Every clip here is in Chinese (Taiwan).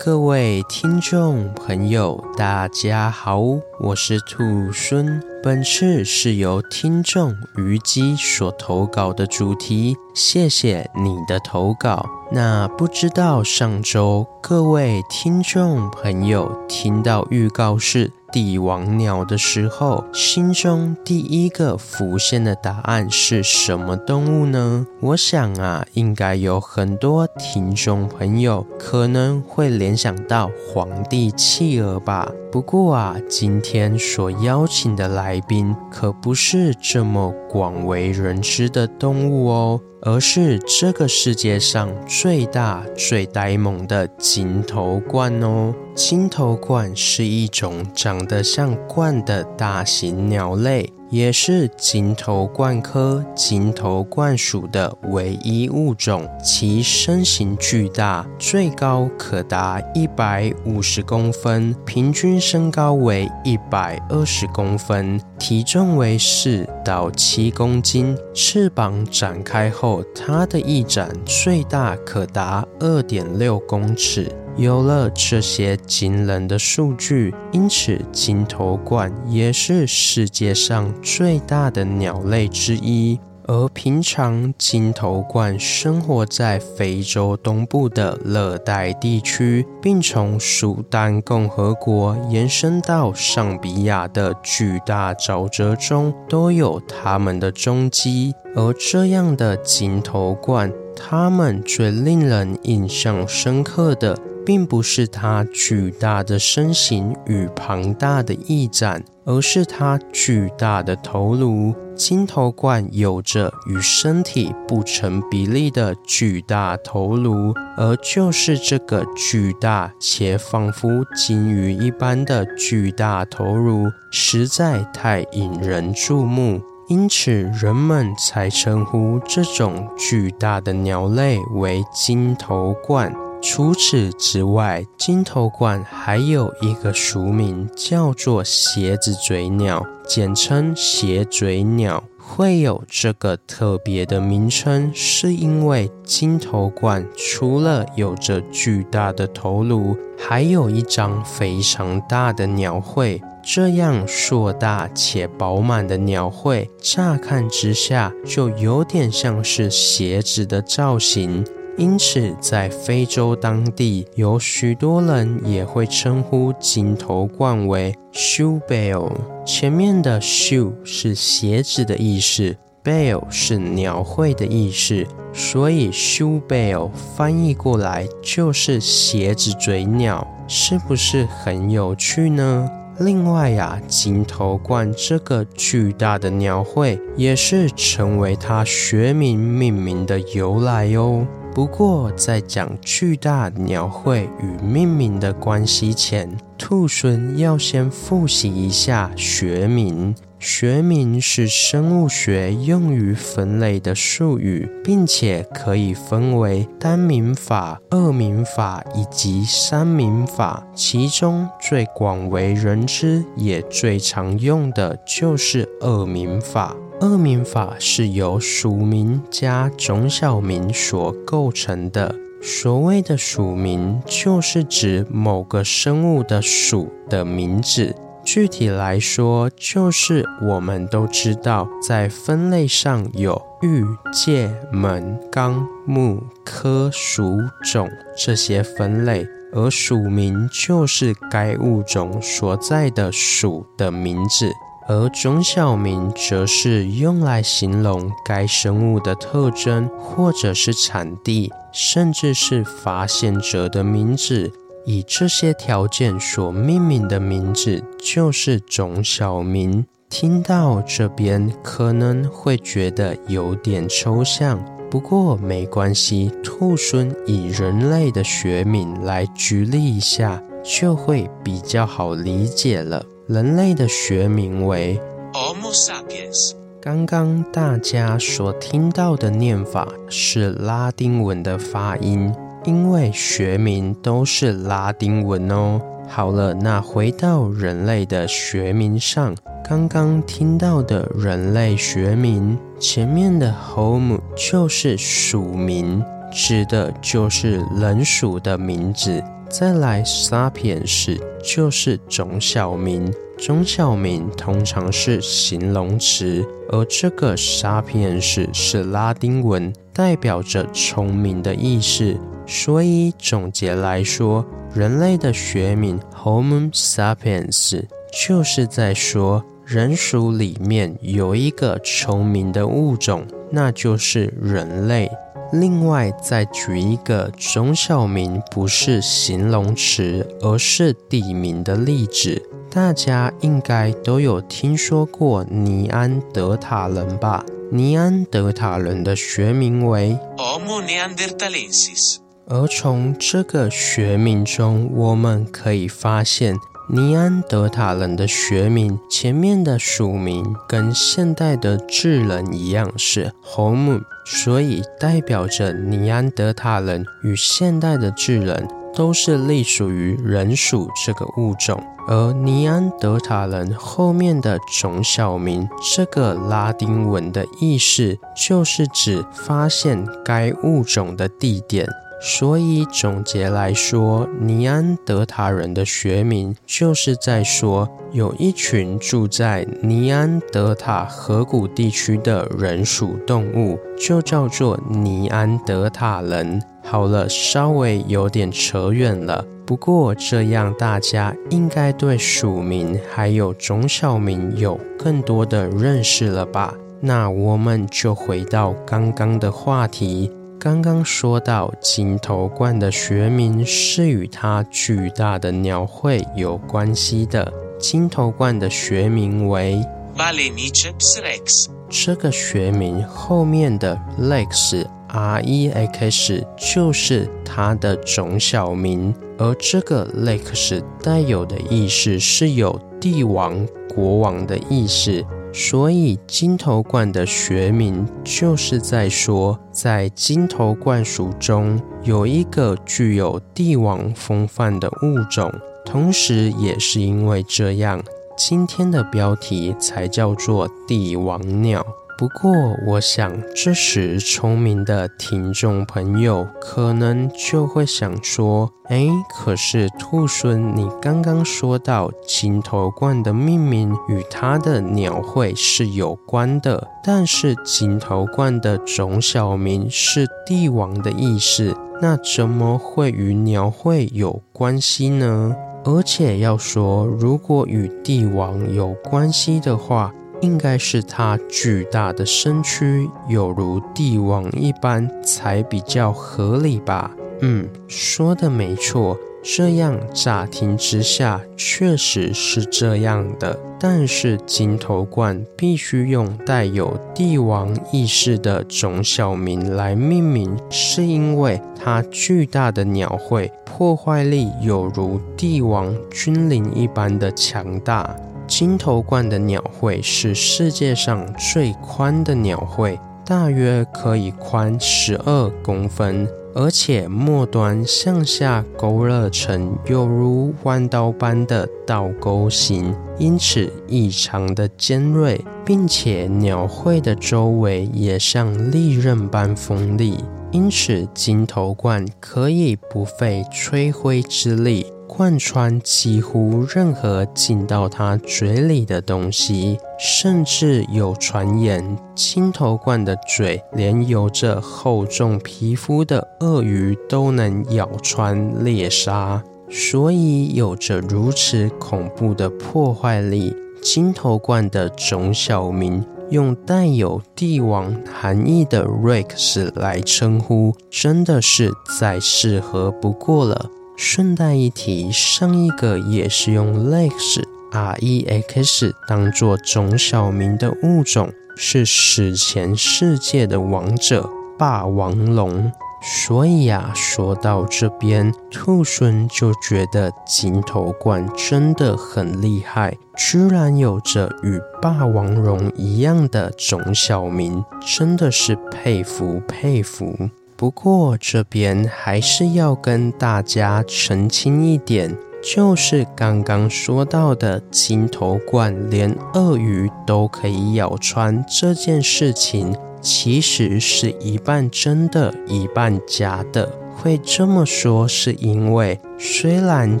各位聽眾朋友，大家好，我是兔猻。本次是由聽眾虞姬所投稿的主題，謝謝你的投稿。那不知道上周各位聽眾朋友聽到預告是帝王鳥的時候，心中第一個浮現的答案是什麼動物呢？我想啊，應該有很多聽眾朋友可能會聯想到皇帝企鵝吧。不過啊，今天所邀請的來賓可不是這麼廣為人知的動物哦。而是這個世界上最大最呆萌的鯨頭鸛哦！鯨頭鸛是一種長得像鸛的大型鳥類。也是鯨頭鸛科鯨頭鸛屬的唯一物種，其身形巨大，最高可達一百五十公分，平均身高為一百二十公分，體重為四到七公斤，翅膀展開後，它的翼展最大可達二點六公尺。有了這些驚人的數據，因此鯨頭鸛也是世界上最大的鳥類之一。而平常鯨頭鸛生活在非洲東部的熱帶地區，並從蘇丹共和國延伸到尚比亞的巨大沼澤中都有它們的蹤跡。而這樣的鯨頭鸛，它們最令人印象深刻的。並不是它巨大的身形與龐大的翼展，而是它巨大的頭顱。鯨頭鸛有着與身體不成比例的巨大頭顱，而就是這個巨大且仿佛鯨魚一般的巨大頭顱，實在太引人注目，因此人們才稱呼這種巨大的鳥類為鯨頭鸛。除此之外，鯨頭鸛還有一個俗名，叫做鞋子嘴鳥，簡稱鞋嘴鳥。會有這個特別的名稱，是因為鯨頭鸛除了有着巨大的頭顱，還有一張非常大的鳥喙。這樣碩大且飽滿的鳥喙，乍看之下就有點像是鞋子的造型。因此，在非洲當地有許多人也會稱呼鯨頭鸛為 shoebill。前面的 shoe 是鞋子的意思，bill 是鳥喙的意思，所以 shoebill 翻譯過來就是鞋子嘴鳥，是不是很有趣呢？另外呀、啊，鯨頭鸛這個巨大的鳥喙也是成為它學名命名的由來哦。不過，在講巨大鳥喙與命名的關係前，兔猻要先複習一下學名。學名是生物學用於分類的術語，並且可以分為單名法、二名法以及三名法。其中最廣為人知，也最常用的就是二名法。二名法是由屬名加種小名所構成的。所謂的屬名，就是指某個生物的屬的名字。具體來說，就是我們都知道，在分類上有域、界、門、綱、目、科、屬、種這些分類，而屬名就是該物種所在的屬的名字。而種小名則是用來形容該生物的特徵，或者是產地，甚至是發現者的名字。以這些條件所命名的名字就是種小名。聽到這邊可能會覺得有點抽象，不過沒關係，兔猻以人類的學名來舉例一下，就會比較好理解了。人類的學名為 Homo sapiens。剛剛大家所聽到的念法是拉丁文的發音，因為學名都是拉丁文哦。好了，那回到人類的學名上，剛剛聽到的人類學名前面的 Homo 就是屬名，指的就是人屬的名字。再來，sapiens 就是種小名，種小名通常是形容詞，而這個 sapiens 是拉丁文，代表着聰明的意思。所以總結來說，人類的學名 Homo sapiens 就是在說，人屬裡面有一個聰明的物種，那就是人類。另外，再舉一個種小名不是形容詞而是地名的例子。大家應該都有聽說過尼安德塔人吧？尼安德塔人的學名為 Homo neanderthalensis，而從這個學名中，我們可以發現。尼安德塔人的學名前面的屬名跟現代的智人一樣是 Homo，所以代表着尼安德塔人與現代的智人都是隸屬於人屬這個物種。而尼安德塔人後面的種小名，這個拉丁文的意思就是指發現該物種的地點。所以總結來說，尼安德塔人的學名就是在說，有一群住在尼安德塔河谷地區的人屬動物，就叫做尼安德塔人。好了，稍微有點扯遠了，不過這樣大家應該對屬名還有種小名有更多的認識了吧？那我們就回到剛剛的話題。剛剛說到鯨頭鸛的學名是與它巨大的鳥喙有關係的。鯨頭鸛的學名為 Balaeniceps rex，這個學名後面的 rex, R e x R-E-X 就是它的種小名，而這個 rex 帶有的意思是有帝王、國王的意思。所以鯨頭鸛的學名就是在說，在鯨頭鸛屬中有一個具有帝王風範的物種，同時也是因為這樣，今天的標題才叫做帝王鳥。不過，我想這時聰明的聽眾朋友可能就會想說：“哎，可是兔猻，你剛剛說到鯨頭鸛的命名與它的鳥喙是有關的，但是鯨頭鸛的種小名是‘帝王’的意思，那怎麼會與鳥喙有關係呢？而且要說，如果與帝王有關係的話。”應該是它巨大的身軀有如帝王一般才比較合理吧？嗯，說的沒錯，這樣乍聽之下確實是這樣的。但是鯨頭鸛必須用帶有，帶有帝王意識的種小名來命名，是因為它巨大的鳥喙破壞力有如帝王君臨一般的強大。鯨頭鸛的鳥喙是世界上最寬的鳥喙，大約可以寬十二公分，而且末端向下勾勒成猶如彎刀般的倒鈎形，因此異常的尖銳，並且鳥喙的周圍也像利刃般鋒利，因此鯨頭鸛可以不費吹灰之力，貫穿幾乎任何進到它嘴裡的東西，甚至有傳言，鯨頭鸛的嘴連有着厚重皮膚的鱷魚都能咬穿獵殺。所以，有着如此恐怖的破壞力，鯨頭鸛的種小名用帶有帝王含義的 “rex” 來稱呼，真的是再適合不過了。順帶一提，上一個也是用 Rex，R E X 當作種小名的物種是史前世界的王者——霸王龍。所以啊，說到這邊，兔猻就覺得鯨頭鸛真的很厲害，居然有着與霸王龍一樣的種小名，真的是佩服佩服。不過這邊還是要跟大家澄清一點，就是剛剛說到的鯨頭鸛連鱷魚都可以咬穿這件事情，其實是一半真的，一半假的。會這麼說，是因為雖然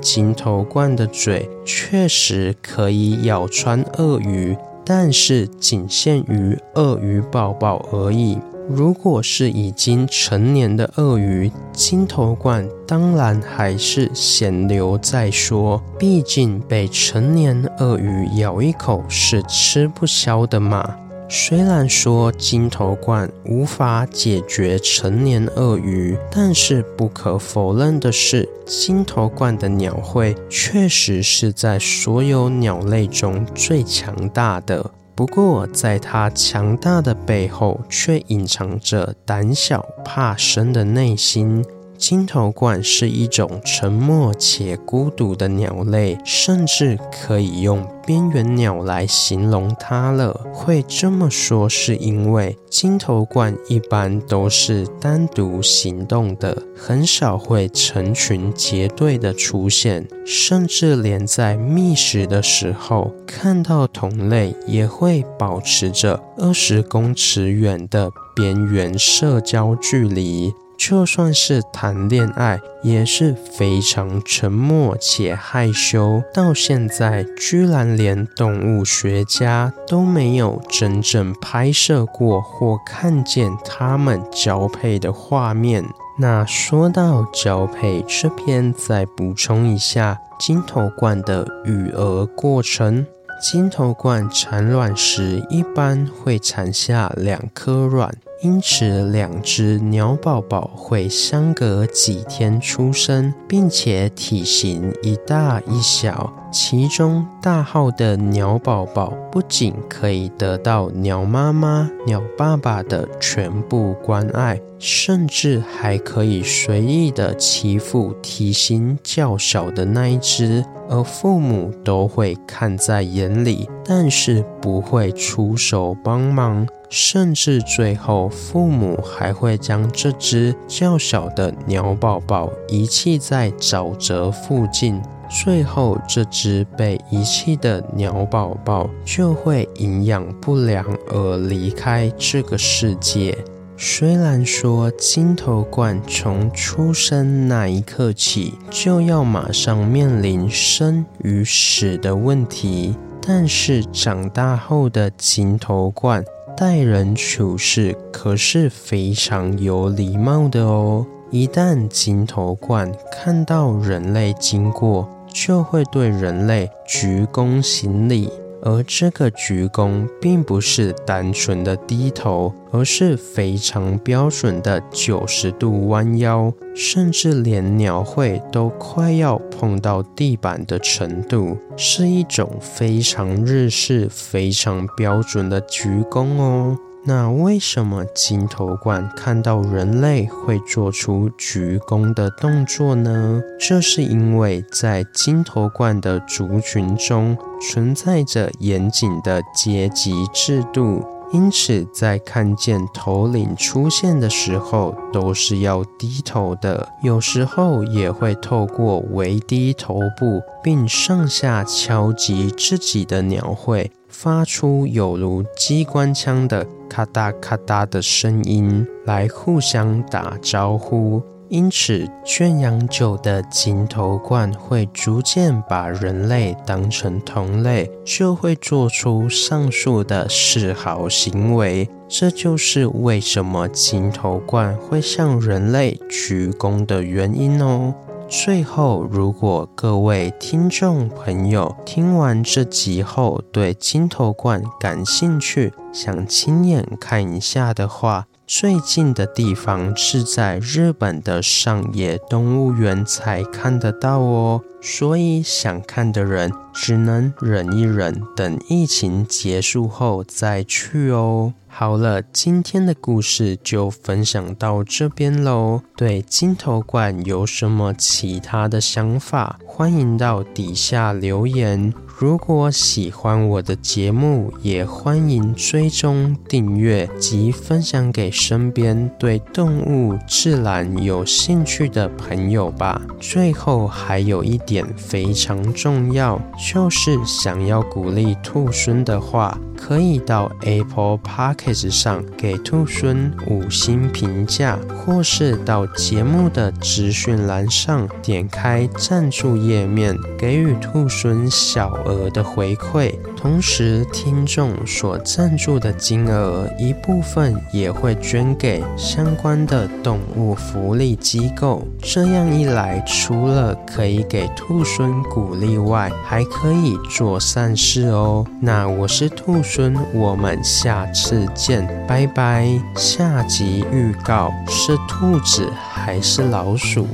鯨頭鸛的嘴確實可以咬穿鱷魚，但是僅限於鱷魚寶寶而已。如果是已經成年的鱷魚，鯨頭鸛當然還是先溜再說。畢竟被成年鱷魚咬一口是吃不消的嘛。雖然說鯨頭鸛無法解決成年鱷魚，但是不可否認的是，鯨頭鸛的鳥喙確實是在所有鳥類中最強大的。不過，在他強大的背後，卻隱藏着膽小怕生的內心。鯨頭鸛是一種沉默且孤獨的鳥類，甚至可以用邊緣鳥來形容它了。會這麼說，是因為鯨頭鸛一般都是單獨行動的，很少會成群結隊的出現，甚至連在覓食的時候，看到同類也會保持着二十公尺遠的邊緣社交距離。就算是談戀愛，也是非常沉默且害羞。到現在，居然連動物學家都沒有真正拍攝過或看見它們交配的畫面。那說到交配，這邊再補充一下鯨頭鸛的育兒過程：鯨頭鸛產卵時，一般會產下兩顆卵。因此，兩隻鳥寶寶會相隔幾天出生，並且體型一大一小。其中大號的鳥寶寶不僅可以得到鳥媽媽、鳥爸爸的全部關愛，甚至還可以隨意的欺負體型較小的那一隻，而父母都會看在眼裡，但是不會出手幫忙，甚至最後父母還會將這隻較小的鳥寶寶遺棄在沼澤附近。最後，這隻被遺棄的鳥寶寶就會營養不良而離開這個世界。雖然說鯨頭鸛從出生那一刻起就要馬上面臨生與死的問題，但是長大後的鯨頭鸛待人處事可是非常有禮貌的哦。一旦鯨頭鸛看到人類經過，就會對人類鞠躬行禮，而這個鞠躬並不是單純的低頭，而是非常標準的九十度彎腰，甚至連鳥喙都快要碰到地板的程度，是一種非常日式、非常標準的鞠躬哦。那為什麼鯨頭鸛看到人類會做出鞠躬的動作呢？這是因為在鯨頭鸛的族群中存在着嚴謹的階級制度，因此在看見頭領出現的時候都是要低頭的。有時候也會透過微低頭部並上下敲擊自己的鳥喙，發出有如機關槍的。咔嗒咔嗒的聲音來互相打招呼，因此圈養久的鯨頭鸛會逐漸把人類當成同類，就會做出上述的示好行為。這就是為什麼鯨頭鸛會向人類鞠躬的原因哦。最後，如果各位聽眾朋友聽完這集後對鯨頭鸛感興趣，想親眼看一下的話，最近的地方是在日本的上野動物園才看得到哦。所以想看的人只能忍一忍，等疫情結束後再去哦。好了，今天的故事就分享到這邊嘍。對鯨頭鸛有什麼其他的想法，歡迎到底下留言。如果喜歡我的節目，也歡迎追蹤訂閱及分享給身邊對動物自然有興趣的朋友吧。最後還有一點非常重要，就是想要鼓勵兔猻的話，可以到 Apple Podcast 上給兔猻五星評價，或是到節目的資訊欄上點開贊助頁面，給予兔猻小額的回饋。同時，聽眾所贊助的金額一部分也會捐給相關的動物福利機構。這樣一來，除了可以給兔猻鼓勵外，還可以做善事哦。那我是兔猻，我們下次見，拜拜。下集預告：是兔子還是老鼠？